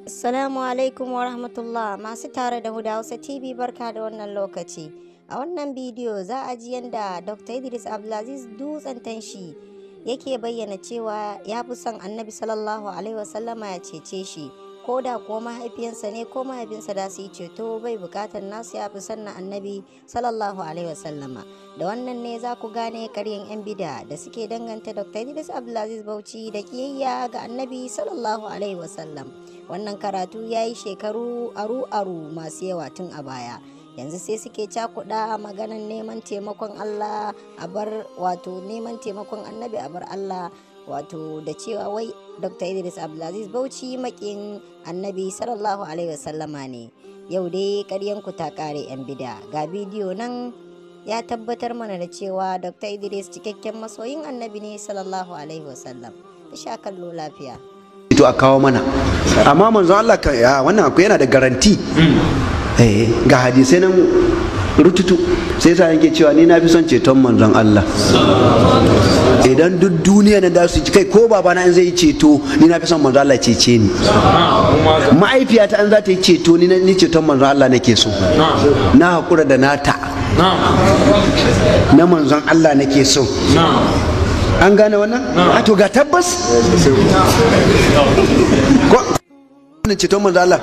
Assalamu alaikum wa rahmatullah masu tare da Huda Hausa TV barka da wannan lokaci. A wannan bidiyo za a ji yadda Dr. Idris Abdulaziz dutsen tanshi yake bayyana cewa ya fi son annabi sallallahu alaihi wasallama ya cece shi. ko da kuwa mahaifiyansa ne ko mahaifinsa da su yi ceto bai bukatar nasu ya fi sannan annabi sallallahu alaihi wasallama da wannan ne za ku gane karyan yan bida da suke danganta dr idris abdulaziz bauchi da kiyayya ga annabi sallallahu alaihi wasallam wannan karatu ya yi shekaru aru-aru masu yawa tun a baya yanzu sai suke cakuɗa maganan neman taimakon allah a bar wato neman taimakon annabi a bar allah wato da cewa wai dr idris abdulaziz bauchi makin annabi sallallahu alaihi wasallama ne yau dai karyanku ta kare yan bida ga bidiyo nan ya tabbatar mana da cewa dr idris cikakken masoyin annabi ne sallallahu alaihi wasallam sha kallo lafiya to a kawo mana amma manzo Allah kan ya wannan akwai yana da garanti mm. eh ga hadisi nan rututu sai sa yake cewa ni na fi son ceton manzon Allah idan duk duniya na da su kai ko baba na in zai ceto ni na fi son manzo Allah cece ni ta an za ta yi ceto ni ni ceton manzo Allah nake so na hakura da nata na manzon Allah nake so an gane wannan a to ga tabbas wannan ceton manzo Allah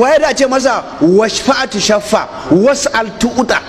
waye da ce masa washfa'atu shaffa was'al tu'ta